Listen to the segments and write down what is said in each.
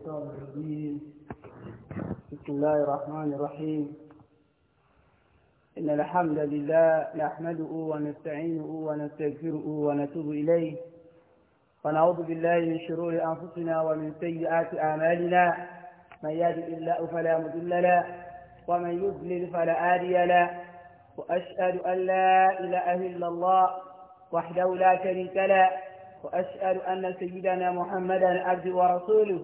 الشيطان الرجيم بسم الله الرحمن الرحيم إن الحمد لله نحمده ونستعينه ونستغفره ونتوب إليه ونعوذ بالله من شرور أنفسنا ومن سيئات أعمالنا من يهد الله فلا مضل له ومن يضلل فلا هادي له وأشهد أن لا إله إلا الله وحده لا شريك له وأشهد أن سيدنا محمدا عبده ورسوله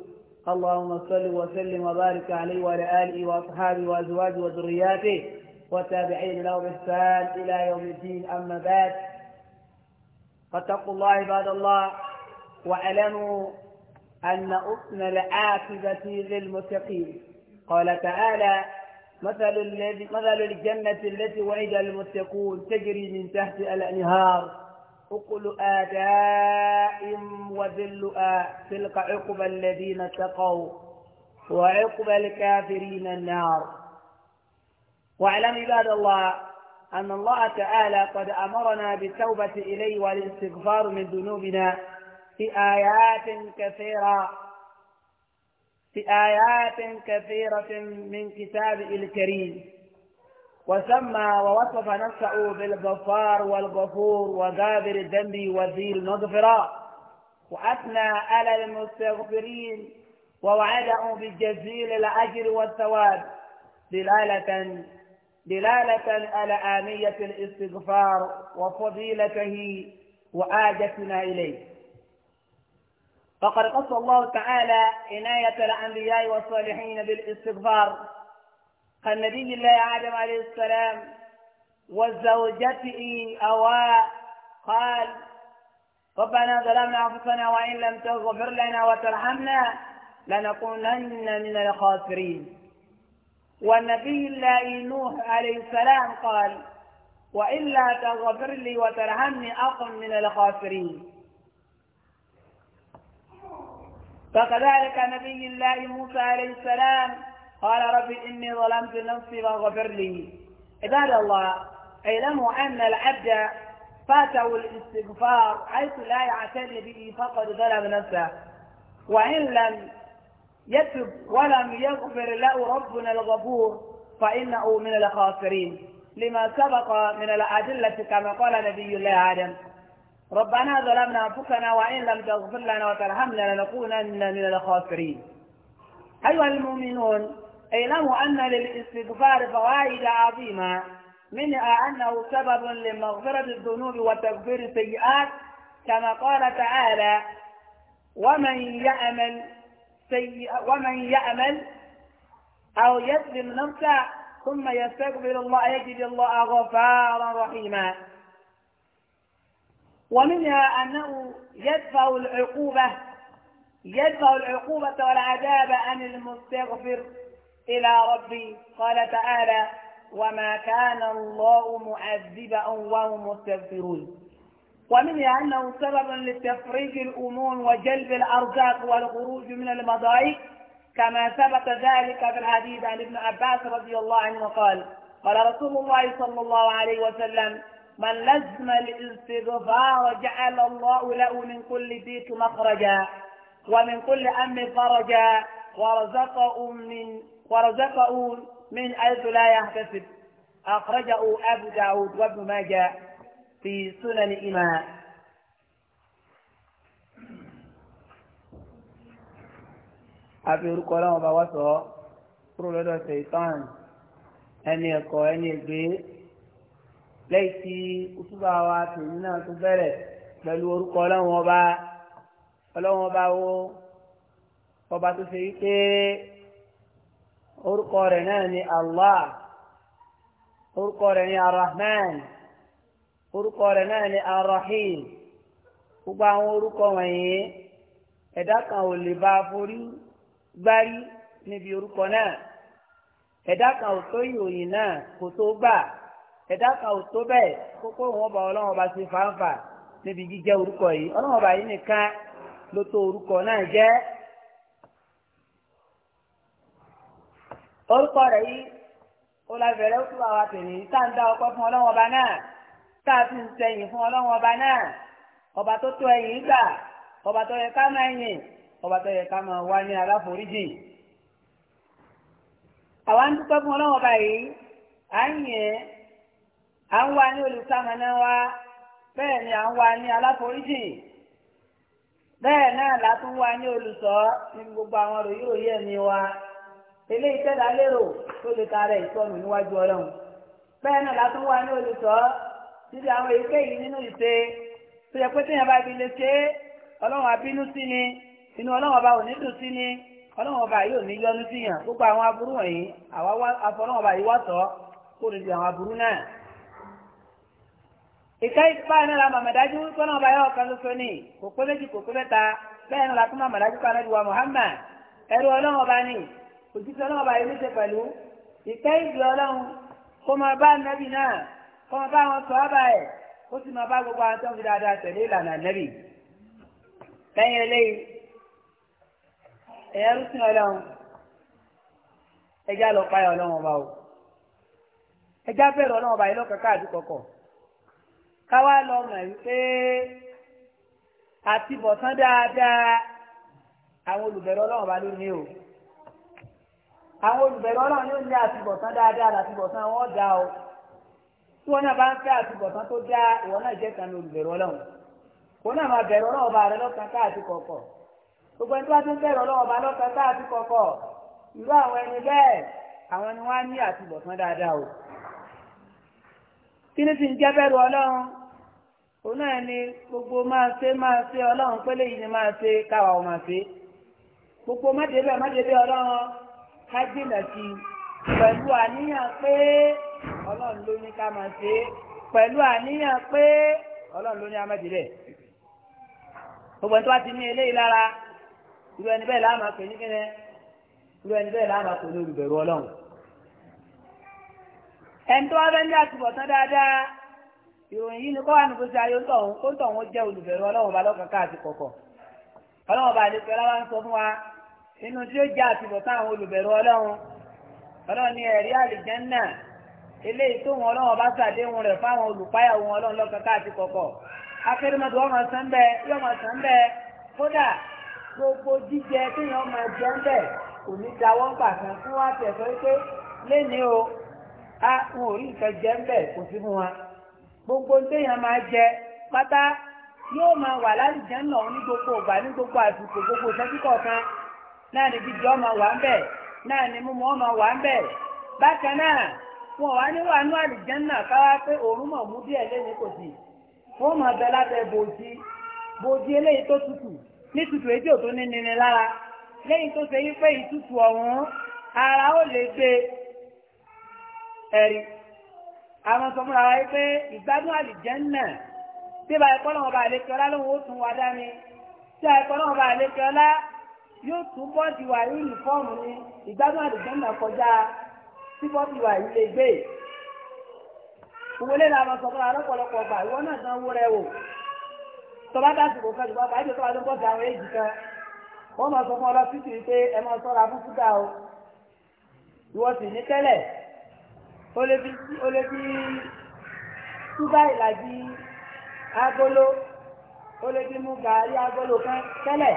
اللهم صل وسلم وبارك عليه وعلى آله وأصحابه وأزواجه وذرياته والتابعين له بإحسان إلى يوم الدين أما بعد فاتقوا الله عباد الله واعلموا أن اثنى العاقبة للمتقين قال تعالى مثل, الذي مثل الجنة التي وعد المتقون تجري من تحت الأنهار أقل آداء وذل آ تلك عقب الذين اتقوا وعقب الكافرين النار واعلم عباد الله أن الله تعالى قد أمرنا بالتوبة إليه والاستغفار من ذنوبنا في آيات كثيرة في آيات كثيرة من كتابه الكريم وسمى ووصف نفسه بالغفار والغفور وغابر الذنب وذي المغفرة وأثنى على المستغفرين ووعدهم بالجزيل الأجر والثواب دلالة دلالة على آنية الاستغفار وفضيلته وآجتنا إليه فقد قص الله تعالى عناية الأنبياء والصالحين بالاستغفار كالنبي الله آدم عليه السلام وزوجته أواء قال ربنا ظلمنا أنفسنا وإن لم تغفر لنا وترحمنا لنكونن من الخاسرين والنبي الله نوح عليه السلام قال وإلا تغفر لي وترحمني أكن من الخاسرين فكذلك نبي الله موسى عليه السلام قال ربي إني ظلمت نفسي فاغفر لي عباد الله اعلموا أن العبد فاته الاستغفار حيث لا يعتني به فقد ظلم نفسه وإن لم يتب ولم يغفر له ربنا الغفور فإنه من الخاسرين لما سبق من الأدلة كما قال نبي الله آدم ربنا ظلمنا أنفسنا وإن لم تغفر لنا وترحمنا لنكونن من الخاسرين أيها المؤمنون اعلموا أن للاستغفار فوائد عظيمة منها أنه سبب لمغفرة الذنوب وتغفير السيئات كما قال تعالى ومن يعمل ومن يعمل أو يسلم نفسه ثم يستغفر الله يجد الله غفارا رحيما ومنها أنه يدفع العقوبة يدفع العقوبة والعذاب عن المستغفر إلى ربي قال تعالى وما كان الله معذبا وهم مستغفرون ومنها أنه سبب لتفريج الأمور وجلب الأرزاق والخروج من المضايق كما ثبت ذلك في الحديث عن ابن عباس رضي الله عنه قال قال رسول الله صلى الله عليه وسلم من لزم الاستغفار جعل الله له من كل بيت مخرجا ومن كل أمر فرجا ورزقه من ورزقه من حيث لا يحتسب أخرجه أبو داود وابن ماجه في سنن إمام àfi orúkọ ọlọ́run bá wá sọ ọ́ kúrò lọ́dọ̀ ṣèitán ẹni ẹ̀kọ́ ẹni ègbé lẹ́yìn tí kútúbà wa tèmi náà tó bẹ̀rẹ̀ pẹ̀lú orúkọ ọlọ́run ọba ọlọ́run ọba wo ọba tó ṣe wípé. orúkọ rẹ̀ náà ni Allah orúkọ rẹ̀ ni Arrahman orúkọ rẹ̀ náà ni Arrahim gbogbo àwọn orúkọ wọ̀nyí ẹ̀dá kan ò lè bá a forí gbárí níbi orúkọ náà ẹ̀dá kan ò tó ìròyìn náà kò tó gbà ẹ̀dá kan ò tó bẹ́ẹ̀ kókó wọn bá orúkọ rẹ̀ yìí ó la bẹ̀rẹ̀ kú àwa tèmi tá à ń dá fún ọlọ́wọ́n ọba náà tá a ń sẹ́yìn fún ọlọ́wọ́n ọba náà ọba tó tó gbà ọba tó yẹ ká máa yìn ọba tó yẹ ká máa wá ní aláforíjì. àwọn ń fún ọlọ́wọ́n ọba yìí à ń yẹn à ń wá ní olùsámaná wa bẹ́ẹ̀ ni à ń ní aláforíjì bẹ́ẹ̀ náà ele tẹ́lá lérò tó lè ta rẹ̀ mi níwájú ọlọ́run bẹ́ẹ̀ náà látún wá ní olùsọ títí àwọn èyíkéyìí nínú ìṣe tó yẹ pé téèyàn bá fi lè ṣe é ọlọ́run abínú sí ni inú ọba dùn sí ni ọlọ́run ọba yóò ní yọnu sí yàn ọba yìí tọ́ kó lè di àwọn aburú náà. ìka ìpá la màmàdájú ọba wa Muhammad òjijì ọlọ́run bàyẹ̀ ní ṣe pẹ̀lú ìkẹ́ ìgbì ọlọ́run kó máa bá nẹ́bì náà kó máa bá wọn sọ ọ́bà ẹ̀ ó sì máa bá gbogbo àwọn tó ń fi dáadáa tẹ̀lé ìlànà nẹ́bì. lẹ́yìn eléyìí ẹ̀yà rúsìn ọlọ́run ẹjá lọ páyà ọlọ́run ọba o ẹjá bẹ̀rù ọlọ́run ọba yìí lọ́kàn káàdì kọ̀kọ̀ káwá lọ mọ̀ wípé àtibọ̀tán dáadáa àwọn olùbẹ̀rù ọlọ́run ọba ló ní àwọn olùbẹ̀rẹ̀ ọlọ́run yóò ní àtibọ̀tán dáadáa àtibọ̀tán wọn dá o tí wọn náà bá ń fẹ́ àtibọ̀tán tó dá ìwọ náà jẹ́ kan ní olùbẹ̀rẹ̀ ọlọ́run kò náà máa bẹ̀rẹ̀ ọlọ́run ọba rẹ lọ́kàn káàtì kọ̀ọ̀kọ̀ gbogbo ẹni tó bá ti ń bẹ̀rẹ̀ ọlọ́run ọba lọ́kàn káàtì kọ̀ọ̀kọ̀ irú àwọn ẹni bẹ́ẹ̀ àwọn ni wọ́n á ní àtibọ̀tán dáadáa o kí ni ti ń jẹ́ bẹ̀rù ọlọ́run òun náà ni gbogbo máa ṣe máa ṣe ọlọ́run pélé yìí ni máa ṣe káwa ọ máa ṣe gbogbo ká jìnà sí i pẹ̀lú àníyàn pé ọlọ́run ló ní ká máa ṣe é pẹ̀lú àníyàn pé ọlọ́run ló ní amẹ́tìlẹ̀ gbogbo ẹni tó bá ti ní eléyìí lára irú ẹni bẹ́ẹ̀ láàmà pè ní kíni irú ẹni bẹ́ẹ̀ láàmà pè ní olùbẹ̀rù ọlọ́run ẹni tó wá fẹ́ ní dáadáa ìròyìn yìí ni kọ́ wà gbèsè ayé tó tọ̀ wọ́n jẹ́ olùbẹ̀rù ọlọ́run ọba lọ́kàn káàkiri ọlọ́run ọba inú tí ó jẹ́ àtìbọ̀tán àwọn olùbẹ̀rù ọlọ́run ọlọ́run ní ẹ̀rí àlìjẹ́nnà eléyìí tó wọn ọlọ́run bá ṣàdéhùn rẹ̀ fáwọn olùpáyà wọn ọlọ́run lọ́kàn káàtì kọ̀kọ̀ akérèmọ́tò ọmọ sàn bẹ́ẹ̀ yọmọ sàn bẹ́ẹ̀ kódà gbogbo jíjẹ téèyàn máa jẹ ń bẹ̀ kò ní dáwọ́ gbà kan fún wa tẹ̀sọ́ pé léni o a wọn ò rí nǹkan jẹ ń bẹ̀ kò sí fún wa gbogbo téèyàn máa jẹ pátá yóò máa wà lálìjẹ́nnà ní gbogbo ìgbà ní gbogbo àsìkò gbogbo sẹ́kíkọ̀ọ̀kan náà ni jíjẹ ọmọ wà ń bẹ̀ náà ni mímu ọmọ wà ń bẹ̀ bákan náà wọn wà ní wà ní àlìjẹ́nà káwá pé òórùn mọ̀ mú díẹ̀ lé ní kò sí wọn mọ̀ bẹ lábẹ́ bòjì bòjì eléyìí tó tutù ní tutù èdè òtó ní nini lára lẹ́yìn tó ṣe wípé ìtutù ọ̀hún ara ó lè gbé ẹ̀rí àwọn sọ fúnra wa wípé ìgbádùn àlìjẹ́nà tí bá ẹ̀kọ́ náà bá àlékè ọlá lóhun ó tún wá dání tí bá ẹ̀kọ́ náà bá àlékè ọlá yóò túbọ̀ di wà ní yunifọ́ọ̀mù ni ìgbádùn àdìgbọ́nà kọjá síbọ̀ di wà ní lè gbé. ìwọlé la máa sọ fún alọ́pọ̀lọpọ̀ gbà ìwọ náà san owó rẹ wò. tọ́ba dàsí kò kẹ́lù bọ́ọ̀bà ìjọ tọ́ba tó bọ́ sí àwọn èjì kan. wọ́n máa sọ fún ọlọ́ títì pé ẹ máa sọ́ra fún fúdà o. ìwọ sì ní tẹ́lẹ̀ o lè fi túbà ìlàjì agolo o lè fi mú gàárì agolo kan tẹ́lẹ̀.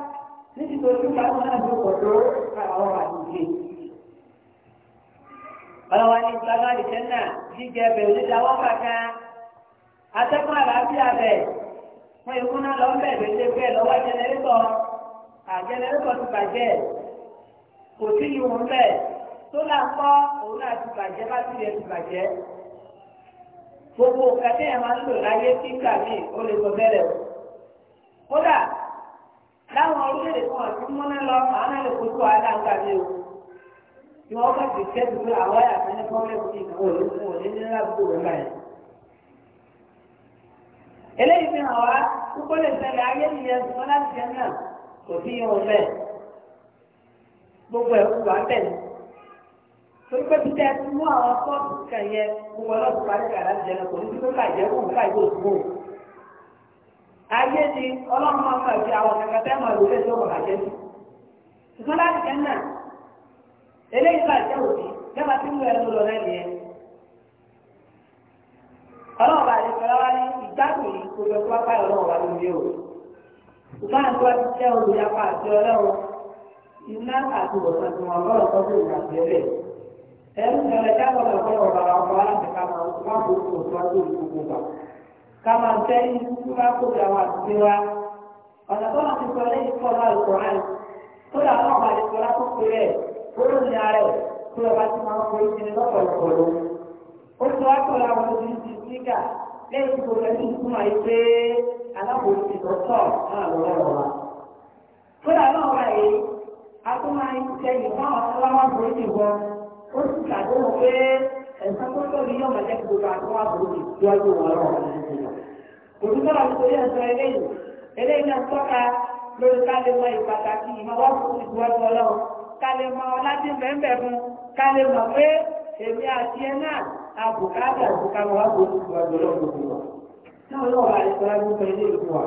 níbi tó tún ká wọn náà ló pọ̀ tó àwọn àdúgbò. ọlọ́wọ́ ní gbàgbọ́ àdìsẹ́ náà jíjẹ bẹ̀rù níta wọ́n kàkà atẹ́kùn àlàáfíà bẹ̀ wọ́n ikú náà lọ bẹ̀ bẹ̀rẹ̀ bẹ́ẹ̀ lọ́wọ́ jẹnẹrétọ̀ àjẹnẹrétọ̀ ti bàjẹ́ kò sí ìwọ̀n bẹ́ẹ̀ tó náà kọ́ òun náà ti bàjẹ́ bá ti rẹ̀ ti bàjẹ́ gbogbo kẹtẹ́ ẹ̀ máa ń lò láyé kíkà míì ó lè sọ bẹ́ẹ̀ rẹ̀ o kódà láwọn orílẹ̀-èdè kan ọ̀sìn múná lọ àwọn ẹ̀rọ kò tó aláǹkà mi o ni wọ́n bá ti kẹ́ẹ̀dù pé àwọn ẹ̀yà mi ní pọ́nlẹ́kù ní ìkàwé olókùn òní ní lábúkú rẹ̀ báyìí. eléyìí fi hàn wá púpọ̀ lè ṣẹlẹ̀ ayé nìyẹn ṣùgbọ́n láti jẹ́ náà kò sí yóò fẹ́ gbogbo ẹ̀kú wà bẹ̀ ni torí pé títẹ́ mú àwọn fọ́ọ̀tù kàn yẹ gbogbo ọlọ́ọ̀tù parí kàrá jẹ́ náà kò ní ayé ti ọlọ́run máa ń gbà sí àwọn kankan tẹ́ máa lòlẹ́ tó bàbá jẹ́ sí. ṣùgbọ́n láti jẹ́ náà eléyìí bá jẹ́ òbí lẹ́bàá tí mo ẹnu lọ lẹ́nu yẹn. ọlọ́run bá lè fẹ́ra wá o. ṣùgbọ́n àti wá ti jẹ́ olùyapa àti ọlọ́run iná àti tí tó ìgbà ká máa fẹ́ ikú bá kó bí àwọn àtúnṣe wa ọ̀nà tó máa ti sọ lẹ́yìn fún ọ̀nà àlùkòrán tó dà wọ́n máa lè sọ lákòókò rẹ̀ kóró ní ara ẹ̀ tó ọba ti máa ń forí sí ní lọ́pọ̀lọpọ̀ ló. ó sọ wákò làwọn obìnrin ti síkà lẹ́yìn tó fẹ́ sí ikú máa yí pé aláwòrán ti sọ tọ̀ náà lọ́wọ́ wa. tó dà náà wáyé a tó máa ń sẹ́yìn fún àwọn aláwọ̀ forí sí wọn ó sì kàdó wọn pé ẹ̀sán tó tó òtútọ́ àwọn torí ẹ̀sọ́ eléyìí eléyìí náà tọ́ka lórí kálẹ̀ mọ ìpàtàkì ìmọ̀wá fún ìdúwọ́jú ọlọ́run kálẹ̀ mọ ọlájú mẹ́mbẹ̀ fún kálẹ̀ mọ pé èmi àti ẹ náà àbùkátà àbùkámọ̀ wá fún ìdúwọ́jú ọlọ́run gbogbo náà lọ́wọ́ àìsọ́lá gbogbo ilé ìlú wa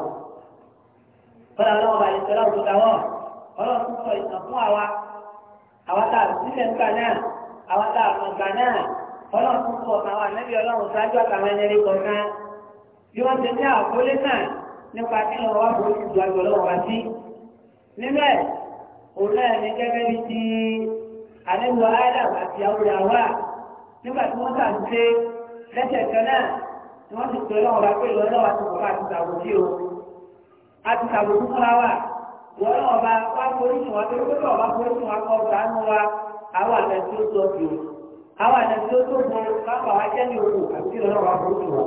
kọ́lá lọ́wọ́ àìsọ́lá gbogbo àwọn ọlọ́run sọ ìtàn fún àwa àwa tá a sílẹ̀ nígbà náà àwa tá mọ̀ bí wọ́n ti ní àkólé náà nípa kí lọ́wọ́ wá bó ti gbàgbọ́ lọ́wọ́ wá sí. níbẹ̀ òun náà ní gẹ́gẹ́ bí ti àlejò adam àti àwòrán wa nígbà tí wọ́n tà ń ṣe lẹ́sẹ̀ kan náà ni wọ́n ti pè lọ́wọ́ wá pé ìwọ náà wá ti kọ̀ọ̀kan àti sàbòsí o àti sàbòsí fúnra wa ìwọ náà ọba wá forí sùn wá pé ó forí sùn wá kọ́ ọ̀gá nù wa àwọn àgbẹ̀ ó tó ọ̀gbìn àwọn àgbẹ̀ ó tó bọ̀ káfà wá jẹ́ ní òkú àti ìrọ̀lọ́wọ́ àbúrò wa.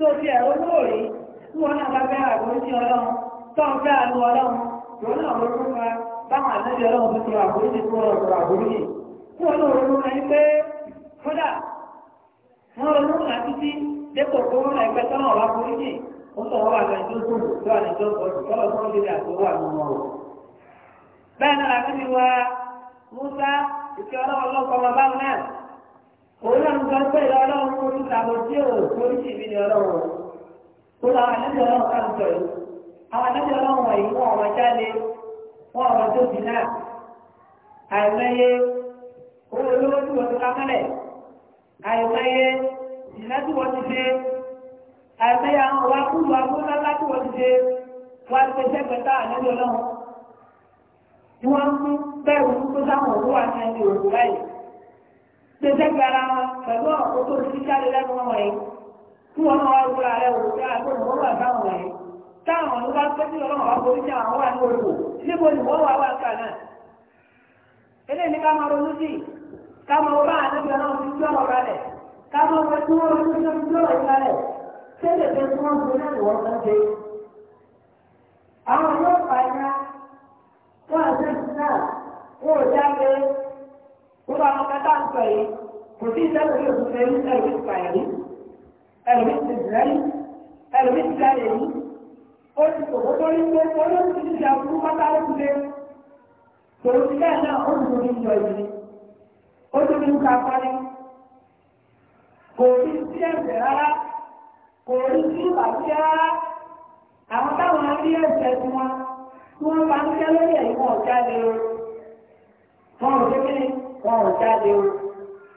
tó ẹ̀rọ lóòrè tí wọ́n náà bá bẹ́ẹ̀ àgbọ̀ ọlọ́run tó ń àlú ọlọ́run lòun náà ló tún fa báwọn àtẹ́jọ́ ọlọ́run tó ti wà fún ọ̀rọ̀ àbórí yìí pé kódà wọ́n ronú nà títí dépò kó ẹgbẹ́ tọ́nà ọ̀la òun náà ń gbọ́ ọlọ́run kò tún tàbọ̀ tí ò torí sì mí ni ọlọ́run tó lọ àwọn àlejò ọlọ́run kan sọ yìí àwọn àlejò ọlọ́run wọ̀nyí wọn ọ̀rọ̀ jáde wọn ọ̀rọ̀ tóbi náà àìmọye owó olówó tí wọ́n ti ká mọ́lẹ̀ àìmọye ìná tí wọ́n ti ṣe àìmọye àwọn ọ̀wá kúlù agbóńlá tí wọ́n ti ṣe wọ́n ti ṣe pẹ̀tà àlejò tẹ̀sẹ̀ gbára wọn pẹ̀lú ọ̀rọ̀ tó ti jáde lẹ́nu wọn wọ̀nyí kí wọn náà wá wúra rẹ̀ wò sí àgbo ìwọ́n wà báwọn wọ̀nyí táwọn ọ̀nà bá pẹ́ sí ọlọ́run wá borí sí àwọn wà ní olùkọ́ níbo ni wọ́n wà wá kà náà eléyìí ní ká máa ronú sí ká máa wọ́n bá ànábìyàn náà fi tí ọ̀rọ̀ kalẹ̀ ká máa wọ́n tí wọ́n ronú sí tí ọ̀rọ̀ kalẹ̀ tẹ́lẹ̀ tẹ́ tí wọ́n fi náà wọ́n kàn dé. àwọn yóò Gbogbo àwọn kẹta ń sọ yìí, kò sí ìṣẹ́lẹ̀ orí òkú fẹ́ rí ẹlòmí ti pààyàn rí, ẹlòmí ti bẹ̀rẹ̀ rí, ẹlòmí ti jáde rí. Ó ti kòkó tó rí pé olóòtú ti ṣe àbúrú pátá ó ti lé. Tòun ti bẹ́ẹ̀ náà ó dùn ní ìjọ ìdílé. Ó ti ní ká pálí. Kò rí sí ẹ̀sẹ̀ rárá. Kò rí sí ìbàjẹ́ rárá. Àwọn táwọn arí ẹ̀sẹ̀ tiwọn tí wọ́n bá ń tẹ́ lórí ẹ̀yìn wọn jáde. Wọ́n ò dé wọn ò jáde o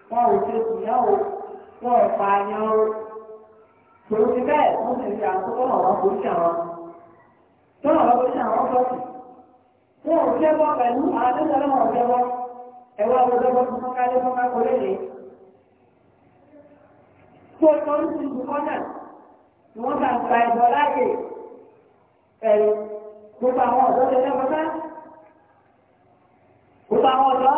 wọn ò ṣe ìyá o wọn ò pa ayan o tòun ti bẹ́ẹ̀ wọ́n sì ń ṣe àwọn tó lọ́wọ́ polisi àwọn tó lọ́wọ́ polisi àwọn fọ́ọ̀tì wọn ò jẹ́bọ́ pẹ̀lú àwọn tẹ́tẹ́rẹ́ jẹ́bọ́ ẹ̀wọ́ àwọn ọ̀dọ́gbọ́ tuntun kálé fún kákó léde tó tọ́jú ti dùn kọ́nà ni wọ́n bá ń gba láàyè ẹ̀rù gbogbo àwọn ọ̀dọ́ tẹ́tẹ́ wọn bá gbogbo àwọn ọ̀dọ́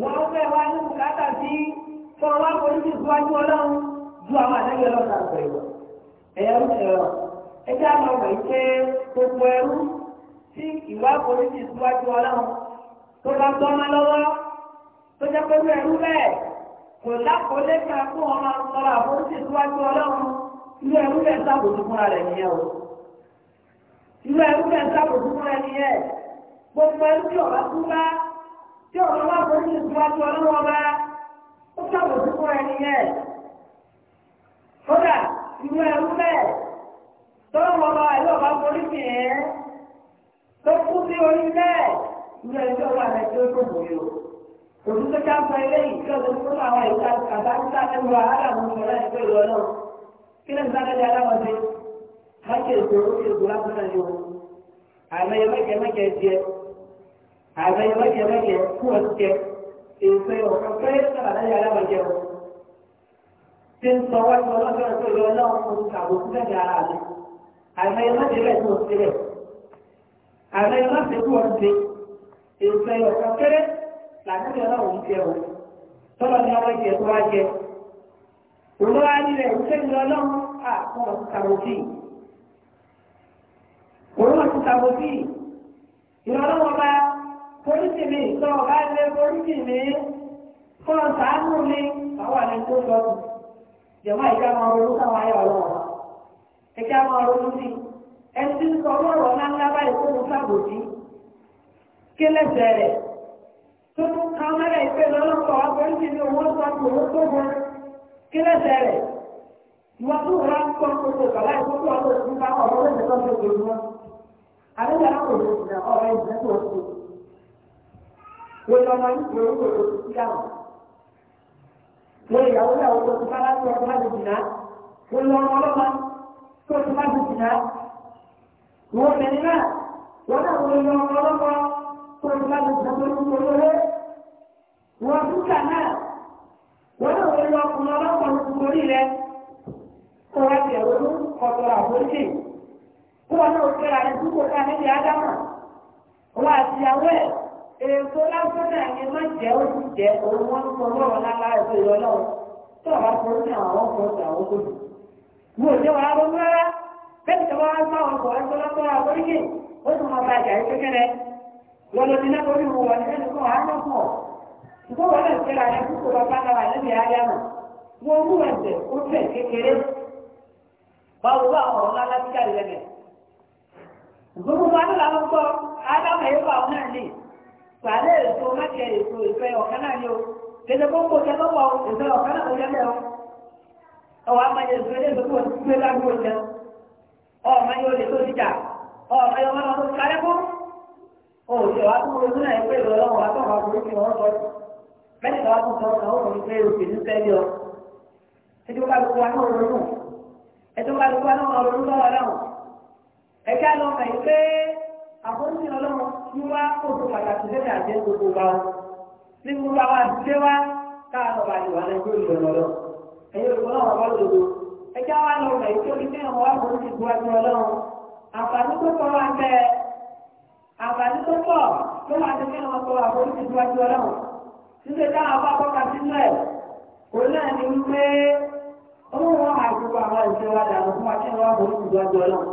wọ́n fẹ́ wá ní bùkátà sí kọ́ wá polisi síwájú ọlọ́run ju àwọn àdáyé ọlọ́ta àgbẹ̀ lọ. ẹ̀yà ń ṣe ọ̀rọ̀ ẹjẹ́ àwọn ọmọ yìí pé gbogbo ẹrú tí ìwà polisi síwájú ọlọ́run tó bá gbọ́ ọmọ lọ́wọ́ tó jẹ́ pé ẹrú bẹ́ẹ̀ kò lákòólé kan fún ọmọ ọmọ polisi síwájú ọlọ́run irú ẹrú tí ọ̀rọ̀ máa bọ̀ ní ìsúwájú ọlọ́wọ́ bá ó sàbò sí fún ẹni yẹn. kódà ìlú ẹ̀rú bẹ́ẹ̀ tọ́lọ́wọ́ bá ẹ̀rọ bá borí sí ẹ̀ tó kú sí orí bẹ́ẹ̀ ìlú ẹ̀rú ọwọ́ rẹ̀ tí ó bò yó. òtútù ká sọ ilé ìjọba tó fún àwọn ìta àbá níta nínú wàhálà mú mi láti ìlú ọlọ́run kí lè nígbà lẹ́yìn aláwọ̀dé má ṣe ètò orí ètò lásán náà yó àmọ́ àgbẹ̀ mẹ́jẹ mẹ́jẹ kú ọ jẹ èso ọ̀kan pẹ́ẹ́ sábà láyé alábàjẹ́ o tí ń sọ wájú ọlọ́dún ọ̀sẹ̀ ìlú ọlọ́run kò kàwé sílẹ̀ ní ara mi àgbẹ̀ mẹ́jẹ bẹ́ẹ̀ tó sílẹ̀ àgbẹ̀ mẹ́jẹ kú ọ jẹ èso ọ̀kan pẹ́ẹ́ làtúndì ọlọ́run jẹ o tọ́lọ̀ ní ọwọ́ tó wá jẹ òun wá foríṣì mi ìtọ́ ọ̀gá ilé foríṣì mi kọ́ sàánú mi àwọn àlẹ́ tó lọ bù jẹ̀mọ́ ìjà máa ronú káwọn ayé ọlọ́wọ́ ìjà máa ronú sí ẹni tí ń sọ ọlọ́rọ̀ ńláńlá báyìí tó ń sábòjì kí lẹ́sẹ̀ rẹ̀ tó ń ká mẹ́rẹ̀ ìpè lọ́lọ́kọ̀ foríṣì mi òun sọ pé òun tó bọ́ kí lẹ́sẹ̀ rẹ̀ ìwọ́n tó rà ń kọ́ gbogbo bàbá ìkókó ọlọ́run wọ́n yọ ọmọ yìí wọ́n yóò lò sí àwọn. wọ́n ìyàwó ìyàwó tó ti bá láti ọdún láti jìnnà wọ́n lọ ọmọ ọlọ́mọ tó ti láti jìnnà. wọ́n bẹ̀rẹ̀ náà wọ́n náà wọ́n lọ ọmọ ọlọ́mọ tó ti láti jìnnà tó ti wọ́n lọ́wọ́. wọ́n dúkà náà wọ́n náà wọ́n lọ ọmọ ọlọ́mọ tó ti torí rẹ̀ kó ti ẹ̀rọ ní ọ̀tọ̀ èso lásánà yẹn má jẹ́ òkú jẹ́ òun wọ́n ń sọ lọ́wọ́ lára ẹ̀sọ́ ìlú ọlọ́run tó àwọn akọrin náà àwọn ọkọ̀ ọ̀sẹ̀ àwọn olùdó. mo ò wàá ronú rárá bẹ́ẹ̀ tí wọ́n á bá wọn kọ̀ ẹ̀sọ́ lọ́sọ́rọ́ àforíkè ó sì máa bàjẹ́ àyè kékeré wọn lọ sí orí wọn ní ẹnì kan wàá pọ̀ ṣùgbọ́n wọn náà ṣẹlẹ̀ àyè kúkú lọ náà níbi ayá náà wọn mú ẹsẹ̀ ó fẹ̀ bá ọ̀rọ̀ ẹ̀ gbogbo pàdé èso mákè èso ìfẹ́ ọ̀kan náà ni o kéde kó kó jẹ́tọ́ pọ̀ ìfẹ́ ọ̀kan náà kó jẹ́ ọwọ́ amáyé èso ilé ìfẹ́ gbé lágbó jẹ ọmọ yóò tó níjà ọmọ yóò máa tó kárẹ́ kó o ṣe wá tó ronú náà pé ìrọ̀lẹ́ ọ̀hún wá tó wà lórí fi wọ́n sọ bẹ́ẹ̀ ni wá tó sọ ọ̀hún ọ̀hún pé o kìí fẹ́ yọ ẹjọ́ bá gbogbo wa náà ronú ẹjọ́ bá gbogbo wa náà ronú lọ́wọ́ náà ẹ̀ka lọ́mọ ìpè àkóńtì ọlọ́run ní wá oṣù pàtàkì lẹ́yìn àjẹ́ gbogbo wa o ní gbogbo àwọn àdúgbò wa káàlọ́ bá lè wà lẹ́gbẹ́ ìlú ọ̀rọ̀ ẹ̀yẹ olùkọ́ náà wọ́n lòdò ẹjẹ́ wa lọ rẹ̀ tó ní kẹ́hìn wá kó ti gbọ́ ẹgbẹ́ ọlọ́run àǹfààní tó pọ̀ wá bẹ́ àǹfààní tó pọ̀ ló wà ní kẹ́hìn wọ́n kọ́ wá kó ti gbọ́ ẹgbẹ́ ọlọ́run nígbè táwọn abá kọ́ka sílẹ̀ kò náà ní wípé ó wọ́n àgbègbè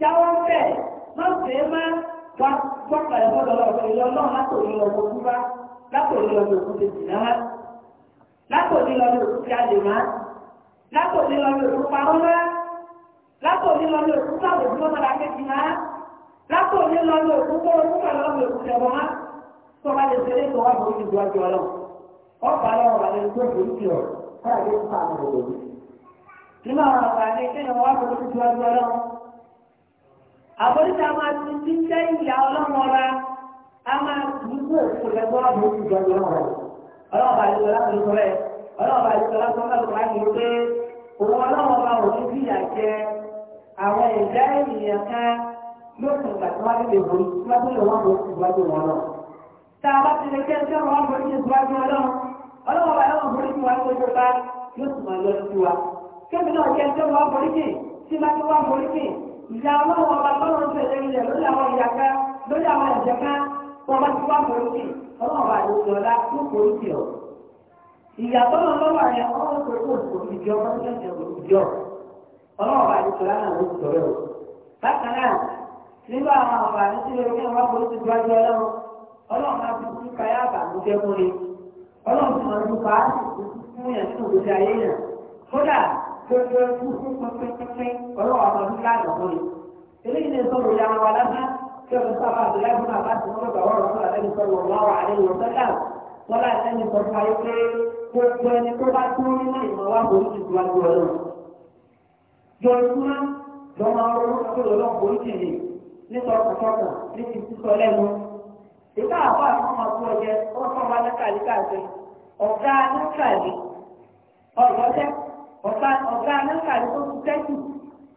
jáwọ́ bẹ̀ lọ́sẹ̀ má wá gbọ́kà ẹ̀fọ́ lọ́wọ́ ọ̀sẹ̀ lọ náà látòrí lọ lọ kúbá látòrí lọ lọ kúbẹ̀ jì náà látòrí lọ lọ kúbẹ̀ alè má látòrí lọ lọ kúbẹ̀ pamọ́ má látòrí lọ lọ kúbẹ̀ àwọn òbí wọn máa kéjì má látòrí lọ lọ kúbẹ̀ wọn kúbẹ̀ lọ lọ kúbẹ̀ wọn má tó bá lè ṣeré tó wà lórí ìlú ọjọ́ lọ ọba lọ wà lè tó kò tí ọ káàdé fún àwọn òbí nínú àwọn àgbà ní kí ni wọn wá lórí ìlú ọjọ́ lọ àbọ̀dé a máa ti ti jẹ́ ìyá ọlọ́run ọba a máa dúró òkú lẹ́gbọ́n àbò ìjọ ọlọ́run ọlọ́run bá yọ láti lọ rẹ̀ ọlọ́run bá yọ láti lọ rẹ̀ láti lọ pé òun ọlọ́run ọba ò ní bí àjẹ àwọn ẹ̀dá ènìyàn kan yóò tún gbà tí wọ́n ti lè borí tí wọ́n ti lè wọ́n bọ̀ sí iwájú wọn lọ. tá a bá ti lè jẹ́ ẹgbẹ́ wọn borí sí iwájú wọn lọ ọlọ́run ọba yóò borí ẹgbẹ́ wọn borí sí ìyá ọlọ́wọ́ ọba tọ́lọ́ ń ìjọba lọ́wọ́ rẹ̀ ọwọ́ tó kó òṣìṣẹ́ ọmọ tó ṣẹ̀ṣẹ̀ ọlọ́wọ́ àwọn gbẹgbẹ kúkú pínpínpín ọlọ́wọ́ àwọn ọdún láàyè ọ̀hún ni. eléyìí ní sọ̀rọ̀ ìyá wa lásán kí ọ̀dọ̀ sábà àti láìpẹ́ náà bá ti wọ́n lọ́gbà wọ́n lọ́sọ̀rọ̀ àtẹ́ni sọ̀rọ̀ ọ̀làwọ̀ àlẹ́yìn ọ̀sẹ́lá wọ́n láì sẹ́ni sọ fún ayé pé gbogbo ẹni tó bá tún nínú ìmọ̀ wa kò ní ti ju agbó ọlọ́run ọ̀gá ọ̀gá alákàrí tó ti tẹ́kù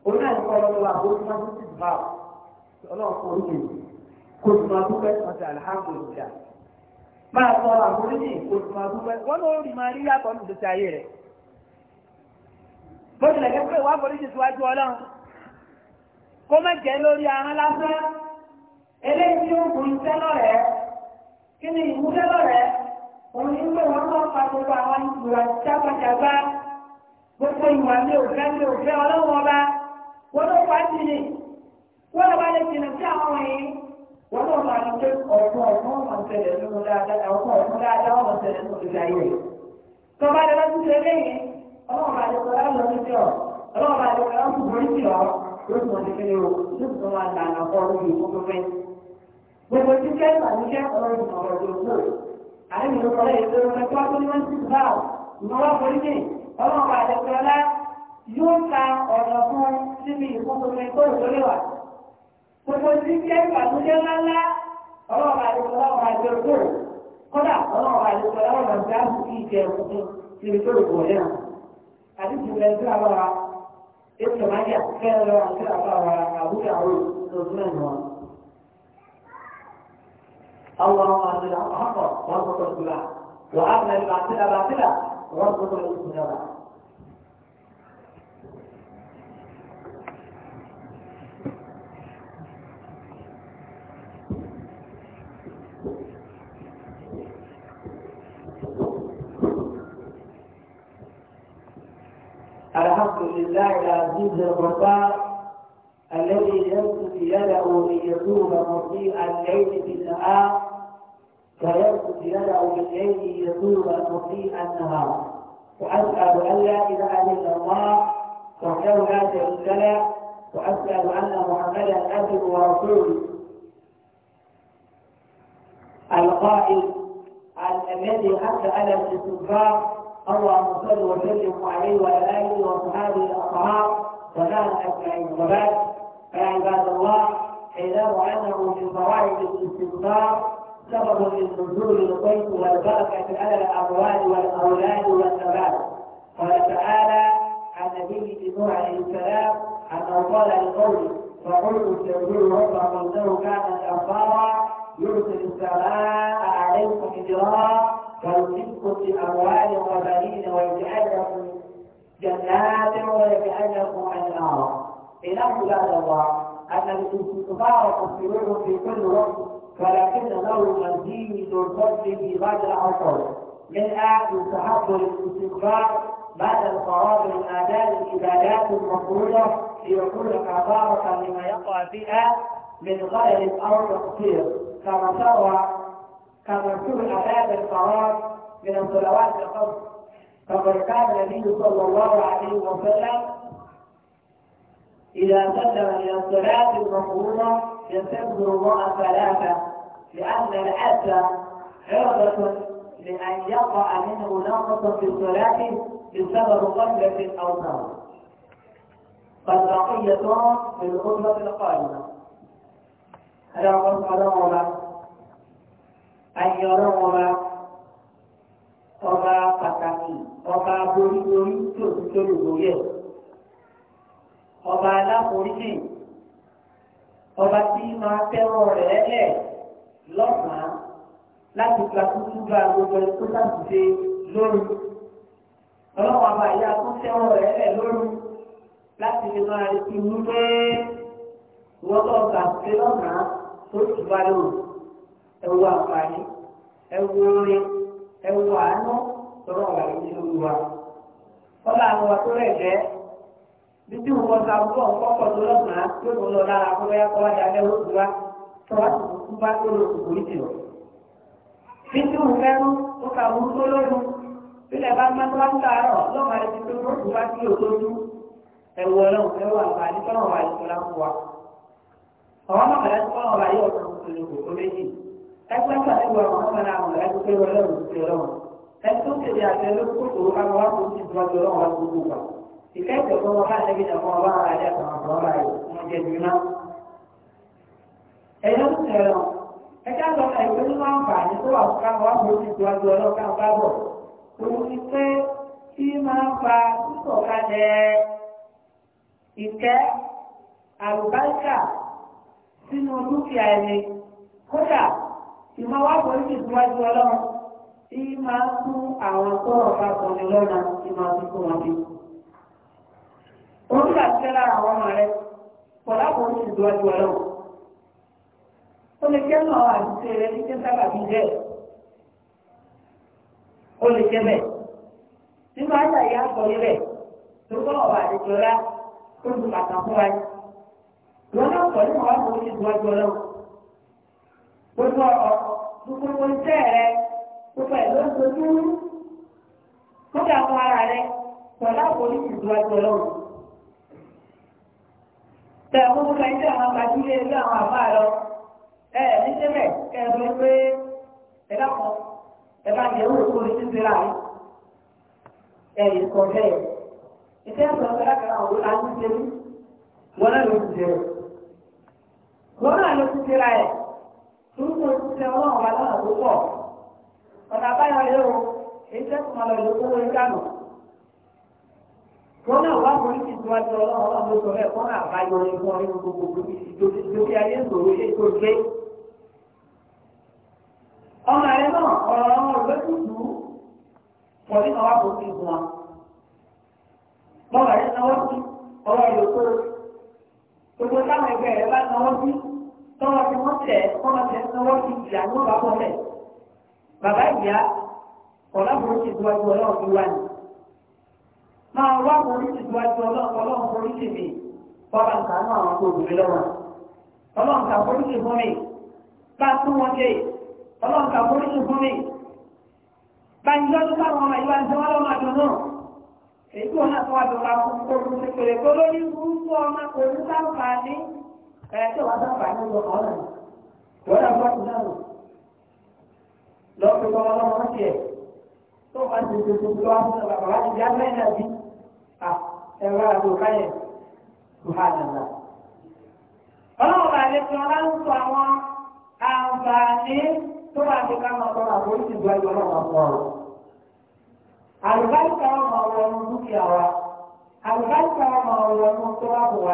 òun náà kọ́ ọlọ́wọ́ àbójú máa tún ti bá ọlọ́run kò ní kò tún máa dúpẹ́ ọ̀sẹ̀ alhamdulillah máa sọ àforíjì kò tún máa dúpẹ́ wọ́n ló rí máa rí yàtọ̀ ní ìdòtí ayé rẹ̀ bó tilẹ̀ jẹ́ pé wàá foríjì síwájú ọlọ́run kó má jẹ́ lórí ahọ́n lásán eléyìí tí ó kùn iṣẹ́ lọ́rẹ̀ kí ni ìmúṣẹ́ lọ́rẹ̀ òun ní pé wọ́n máa ń pa gbogbo àwọn ìtura jágbàjágbá gbogbo ìwà ní òfẹ́ ní òfẹ́ ọlọ́wọ́ ọba wọ́n ló wá sí ni wọ́n lọ́ba lè jìnnà sí àwọn yìí wọ́n lọ́ máa ń gbé ọ̀rọ̀ ọ̀rọ̀ ọ̀mọ̀ tẹ̀lẹ̀ nínú dáadáa ọ̀rọ̀ ọ̀rọ̀ dáadáa ọ̀mọ̀ tẹ̀lẹ̀ nínú ìgbà yìí. tọ́ba lè lọ sí ṣe léyìn ọlọ́wọ́ bá lè kọ́lá lọ sí ọ ọlọ́wọ́ bá lè kọ́lá fún sí ọ ọlọ́run àdẹ́kọ́lá yóò ka ọ̀rọ̀ fún níbi ìfúnfúnni tó lórí wa gbogbo tí jẹ́ ìgbàlódé ńláńlá ọlọ́run àdẹ́kọ́lá ọ̀rọ̀ àjọ tó kọ́dà ọlọ́run àdẹ́kọ́lá ọ̀rọ̀ àjọ àbùkù ìjẹ òkùnkùn níbi tó lò wọlé wa àti jùlọ ẹgbẹ́ àbára ètò máyà fẹ́ẹ́ àti àbára àbúrò àwọn òṣèlú náà اللهم أرنا الحق وارزق الهدى وأرنا واربط الاسم بعض الحمد لله العزيز الغفار الذي يمسك يده ليكون يكون مطيع الليل في النهار فيسكت لنا من يده يدور ان النهار واسال ان لا اله الا الله وحده لا شريك له واسال ان محمدا عبده ورسوله القائل الذي حتى على الاستغفار اللهم صل وسلم عليه وعلى اله واصحابه الاطهار وسلام اجمعين وبعد يا عباد الله اعلموا انه من فوائد الاستغفار سبب للنزول القيس والبركة على الأموال والأولاد والثبات قال تعالى عن نبيه نوح عليه السلام أنه قال لقومه فقلت استغفروا ربكم إنه كان الانصار يرسل السماء عليكم مدرارا فيمسككم بأموال وبنين ويجعل لكم جنات ويجعل لكم أنهارا إنه بعد الله أن الاستغفار في كل وقت ولكنه مزيد الفضل في بعض الاوقات منها يستحب الاستغفار بعد القرار من اداء العبادات المفروضه ليكون كفاره لما يقع فيها من غير او تقصير كما شرع كما شرع هذا القرار من الصلوات الخمس فقد كان النبي صلى الله عليه وسلم اذا سلم الى الصلاه المفروضه يسب الله ثلاثة لأن الأسى عرضة لأن يقع منه نقص في الصلاة بسبب قلة أو نار قد بقية في الغرفة القادمة ألا قصرهما أن يرهما وما pàtàkì وما boríborí tó ti وما لا ọba ọba tí máa fẹ́ràn rẹ̀ lẹ̀ lọ́sàn-án láti gba tuntun gba gbogbo ẹni tó láti ṣe lóru ọlọ́wọ́ àbá ìyá tó fẹ́ràn rẹ̀ lẹ̀ lóru láti lè máa retí mú pé wọ́n tó gbà pé lọ́sàn-án tó ti bá lóru ẹ̀wù àǹfààní ẹ̀wù orin ẹ̀wù àánú lọ́wọ́ àgbà ìdílé olúwa. ọlọ́wọ́ àwọn tó rẹ̀ jẹ́ títí wọn ká bọ̀ kọ́kọ́ tó lọ́gbàá yóò tó lọ lára kọ́lọ́yà kọ́lá dáadé ó ti wá tọ́wá tó kú bá tó lọ kò ní ti lọ. títí wọn fẹ́ràn ó ka wọn tó lọ́dún sílẹ̀ bá má tó wá ń tààrọ̀ lọ́mọ rẹ̀ ti tó tó tó wá sí òtòtú ẹ̀wọ̀ náà ẹ̀wọ̀ àǹfààní tọ́nà wà yìí kọ́lá fún wa. àwọn ọmọ rẹ̀ tọ́nà wà yìí ọ̀tún tó lè kò tó méjì. ẹgbẹ́ sọ̀rọ̀ ìwà ọ̀hún ọmọ náà mọ̀ ẹ́ tó pé wọlé ìkẹ́kọ̀ọ́ tó wọ́n bá tẹ́bí tàbí wọn bá ara jẹ́ àwọn ọ̀rọ̀ ọ̀rọ̀ ayò wọn jẹ́ jù náà. ẹ̀yọ́ ń tẹ̀rọ ẹjá sọ pé ìpín ní máa ń fà ní tó wà fún káwọn wá fún ìtò àjọ ọlọ́ọ̀ká bá bọ̀ òun ti pé tí máa ń fa sísọ̀kalẹ̀ ìkẹ́ àlùbáríkà sínú dúkìá ẹni kódà ìmọ̀ wá fún ìtò àjọ ọlọ́ọ̀ tí máa ń fún àwọn tó ọ̀fà kan lọ́nà tí máa ń wọn bí òun gbà sí lára àwọn ọmọ rẹ pọ̀lá kò sì dọ́jú ọlọ́wọ́ ó lè jẹ́ náà àdúgbò rẹ ní tẹ́ńtà bàbí jẹ́ ó lè jẹ́ bẹ́ẹ̀ nígbà tá ìyá sọ níbẹ̀ tó kọ́ ọ̀bà àdìjọ rá ó ju bàtà fún wa wọn náà sọ nípa wọn kò sì dọ́jú ọlọ́wọ́ gbogbo ọ̀ gbogbo iṣẹ́ rẹ gbogbo ẹ̀ ló ń sojú kódà fún ara rẹ pọ̀lá kò sì dọ́jú ọlọ́wọ́ tẹ ọmọ mọ ẹni tẹ àwọn àgbàdúgbò ẹgbẹ́ àwọn àbá lọ ẹ ní sẹbẹ kẹ pé ẹ dàpọ ẹ bá yẹ wò kó ní sísè rà ẹ yìí kọ bẹ́ẹ̀ ìtẹ ẹsọ ọsẹ lákàrà òwò là ṣe mí wọn náà ló ti ṣe rẹ wọn náà ló ti ṣe rà ẹ turukun ṣiṣẹ́ Ọlọ́run wa lọ́nà tó pọ̀ ọ̀nà àbáyọ yẹ o èyí tẹsán lọ ìlú kówó ìdáná wọn náà wá wọn ti tó wájú ọlọ́run wọn ló sọ bẹ́ẹ̀ wọn náà bá yọ ẹni wọn nínú gbogbo lórí ayé ìṣòro ilé tó gbé. ọmọ rẹ náà ọ̀rọ̀ ọmọ rẹ tó dùn ún wọ́n ní káwá kò sí gun wa. wọ́n rẹ̀ náwó sí ọwọ́ ìlú tó gbogbo táwọn ẹgbẹ́ rẹ̀ bá náwó sí tọ́wọ́ tí wọ́n tẹ̀ wọ́n tẹ̀ náwó sí ìyá ní wọ́n bá bọ́ bẹ́ẹ̀. bàbá ìyá ọ̀làbùrú ti tó wájú ọlọ́run ti wá ni máa wá polisi síwájú ọlọ́run polisi mi bọ́lá nǹkan náà àwọn tó dùn mí lọ́wọ́ ọlọ́run nǹkan polisi fún mi bá tún wọn ṣe ọlọ́run nǹkan polisi fún mi bá ń lọ́dún báwọn ọmọ ìwà ìjọba lọ́wọ́ àjọ náà èyí tó náà tó wà tó wà fún kóòtù pèlè tó lórí burúkú ọmọ kò ní sáfà ní ẹ̀ tó wà sáfà ní ọjọ́ kan náà wọ́n náà bọ́ tún náà lọ́ọ́ fi kọ́ ọlọ́run wọn tiẹ̀ tó bá ti ṣe gbogbo wa fún ọ bàbá ti di abẹ́rẹ́ náà bí. ẹ̀rọ àgbòká yẹn ụka ọlọ́run bá lè fi ọlá ń sọ àwọn àǹfààní tó wà ní ká máa tọrọ na ìgbà ìgbà náà wọ́n sọ̀rọ̀. àlùbáríkà wọn máa wọ ọmọ dúkìá wa àlùbáríkà wọn máa wọ ọmọ tó wà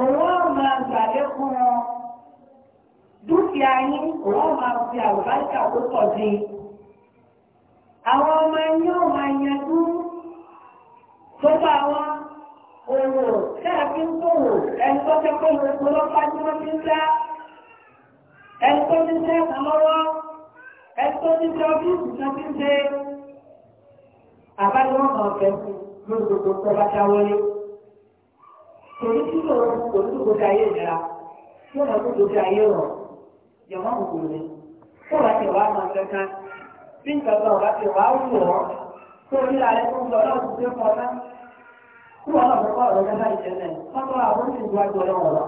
òun ó máa gbàlékún wọn dúkìá yín òun ó máa fi àwòbáṣà tó pọ̀ sí i àwọn ọmọ ẹni ó máa yanjú tó bá wọn òwò káàkiri ń kòwò ẹni tó fẹ́ pé gbogbo lọ́pàá tí wọ́n ti ń dá ẹni tó ti ń dá ẹ̀ka lọ́wọ́ ẹni tó ti ń dá ọ́fíìsì tó ti ń dé àbáyọ̀ ọ̀nà ọ̀fẹ́ lórí gbogbo tó bá dáwọ́lé kò kí ló kò ní kó ta ayé nira tí ó máa tó ta ayé rọ jọmọ òkú ni kó bá tẹ wá máa kankan bí nǹkan kan bá tẹ wá wù ọ kó o nílò alẹ́ tó ń lọ náà tó tẹ fọ kó wọn náà fọwọ́ ọ̀rọ̀ náà láì tẹ́lẹ̀ wọn àwọn oṣù tó wá jọ lọ́wọ́ lọ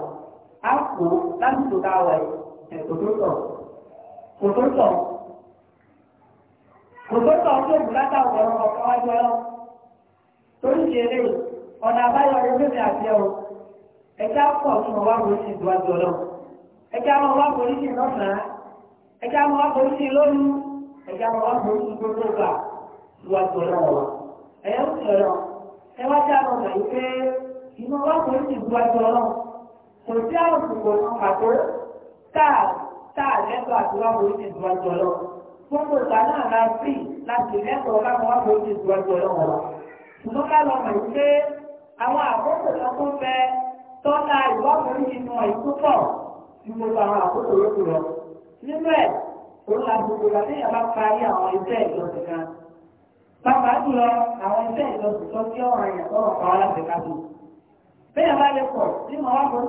á kó láti tó ta wẹ̀ ẹ̀ kò tó tọ̀ kò tó tọ̀ kò tó tọ̀ tó bùkátà ọ̀rọ̀ ọ̀kọ́ wájú ọlọ́ ọ̀nà àbáyọ olómi àti ẹ̀rọ ẹ̀ka pọ̀ tí wọ́n wá polisi ìlú àjọ lọ ẹ̀ka wọn wá polisi lọ́sàn-án ẹ̀ka wọn wá polisi lónú ẹ̀ka wọn wá polisi gbogbo gbà ìlú àjọ lọ wà ẹ̀yẹ́ ń sọ̀rọ̀ ẹ wá já lọ mọ̀ pé ìlú wá polisi ìlú àjọ lọ kò sí àwọn òkùnkùn kan pàtó táà táà lẹ́tọ̀ àti wá polisi ìlú àjọ lọ gbogbo ìgbà náà la fi láti lẹ́tọ̀ọ́ káwọn wá polisi ìlú àjọ lọ wà ṣùgbọ́n ká lọ mọ̀ pé àwọn àkókò tó tún fẹ́ ìwọ́pùn nínú ní gbogbo àwọn àkókò nínú ẹ̀ òun la gbogbo kan. jùlọ àwọn iṣẹ́ ìjọsìn tó tí tọrọ pa aláṣẹ kájú. bẹ́ẹ̀ bá lè pọ̀ nínú àwọn àkókò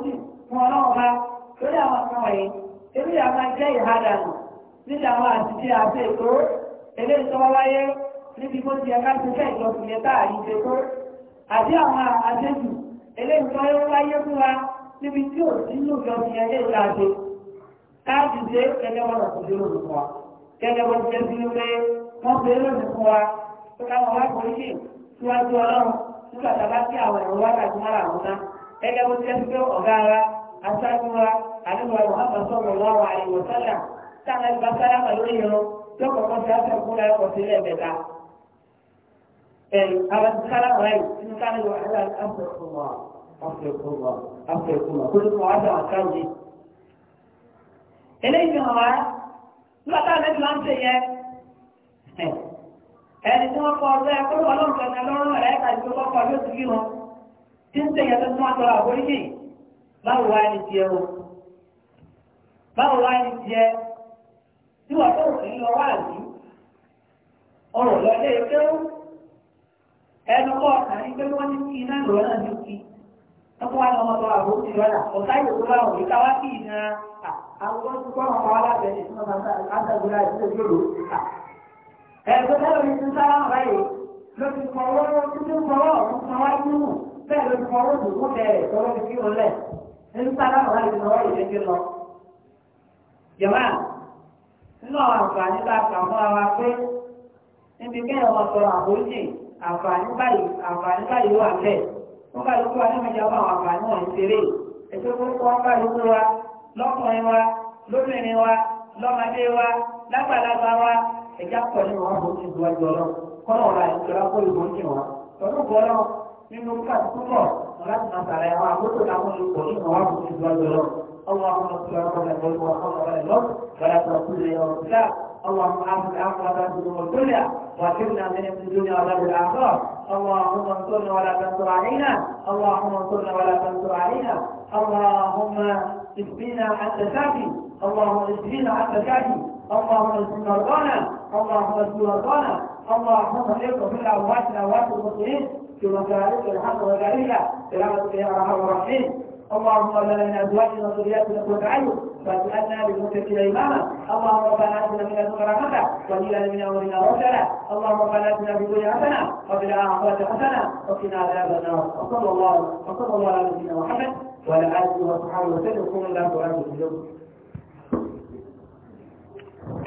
fún ọlọ́run bá lórí àwọn kan wọ̀nyí ebi yà máa jẹ́ ìhádà nù níbi àwọn àtijọ́ àti ètò eléyìí tó wáyé níbi bó ti ti fẹ́ àbí àwọn àdéjù eléyìí ele yẹ wáyé fún wa níbi tí ò sí ní òjò ti ẹgbẹ́ ìta ṣe wọn lọ sí lónìí fún wa wọn jẹ́ sí wọ́n lónìí fún wa tó káwọn wá kò ṣe síwájú ọlọ́run nígbà tá a bá kí àwọn ẹ̀rọ wá láti mọ́ra àwọn náà kẹlẹ́ wọn jẹ́ sí pé ọ̀gá ara aṣáájú wa sọ̀rọ̀ lọ́wọ́ أبد a إن كان الوحدة أفرق الله أفرق الله أفرق الله كل المعادة كان دي إليه هو لا تعرف لم شيء ẹni tí wọ́n kọ ọgbẹ́ akọ́rọ̀ ọlọ́run kan lọ́rùn rẹ̀ kájú tó kọ́kọ́ yóò ti kí wọn tí ẹnu kọ́ àní pé wọ́n ti kí iná ìrọ̀ náà ti kí lọ́kọ́ wọn ọmọ ọmọ àbò ti rọ́là ọ̀tá ìdòkó bá wọn ìta wá sí ìná àwọn oṣù kọ́ wọn wá lábẹ́ ẹ̀ tí wọ́n máa ń sáàgbọ́n láti ṣe ìjòrò ẹ̀ẹ́dọ́ tẹ́lẹ̀ mi ti ń sára wọn báyìí lóṣù kọ̀ọ̀rọ̀ tuntun kọ̀ọ̀rọ̀ ọ̀hún kan wá nínú bẹ́ẹ̀ lóṣù kọ̀ọ̀rọ̀ tó kún bẹ̀rẹ̀ tọ́wọ́ ti fi wọn lẹ̀ ń sára wọn láti àǹfààní báyìí àǹfààní báyìí wà bẹ́ẹ̀ wọ́n bá lóko wa ní ọjà wọn àwọn àǹfààní wọn ìṣeré ètò ìkókó wọn bá lóko wa lọ́kùnrin wa lóbìnrin wa lọ́mọdé wa lágbàlagbà wa ẹ̀já pọ̀ ní wọn kò tún ìwájú ọlọ́run kọ́nà ọ̀la ìṣòro akó ìbò ń tìwọ́n pẹ̀lú bọ́lá nínú káàtì púpọ̀ láti máa sàlàyé àwọn àgbótò làwọn olùkọ́ ní wọn kò tún ìwájú ọlọ́run اللهم صل على محمد وعلى آل محمد ولا تقل يا رب لا اللهم اعف عنا ذنوبنا كلها وكنا من الدنيا وعذاب الاخره اللهم انصرنا ولا تنصر علينا اللهم انصرنا ولا تنصر علينا اللهم اسقينا حتى شافي اللهم اسقينا حتى شافي اللهم اسقينا رضانا اللهم اشف رضانا اللهم اغفر لامواتنا واموات المسلمين في مكارم الحق والجاريه برحمتك يا ارحم الراحمين اللهم لنا من ازواجنا وذرياتنا قرة اعين وأتنا بالمتكل إماما اللهم ربنا آتنا من لدنك رحمة وهي من أمرنا رشدا اللهم ربنا آتنا في حسنة وفي الآخرة حسنة وقنا عذاب النار وصلى الله وصلى الله على نبينا محمد وعلى آله وصحبه وسلم وقوموا الله تعالى بالجوع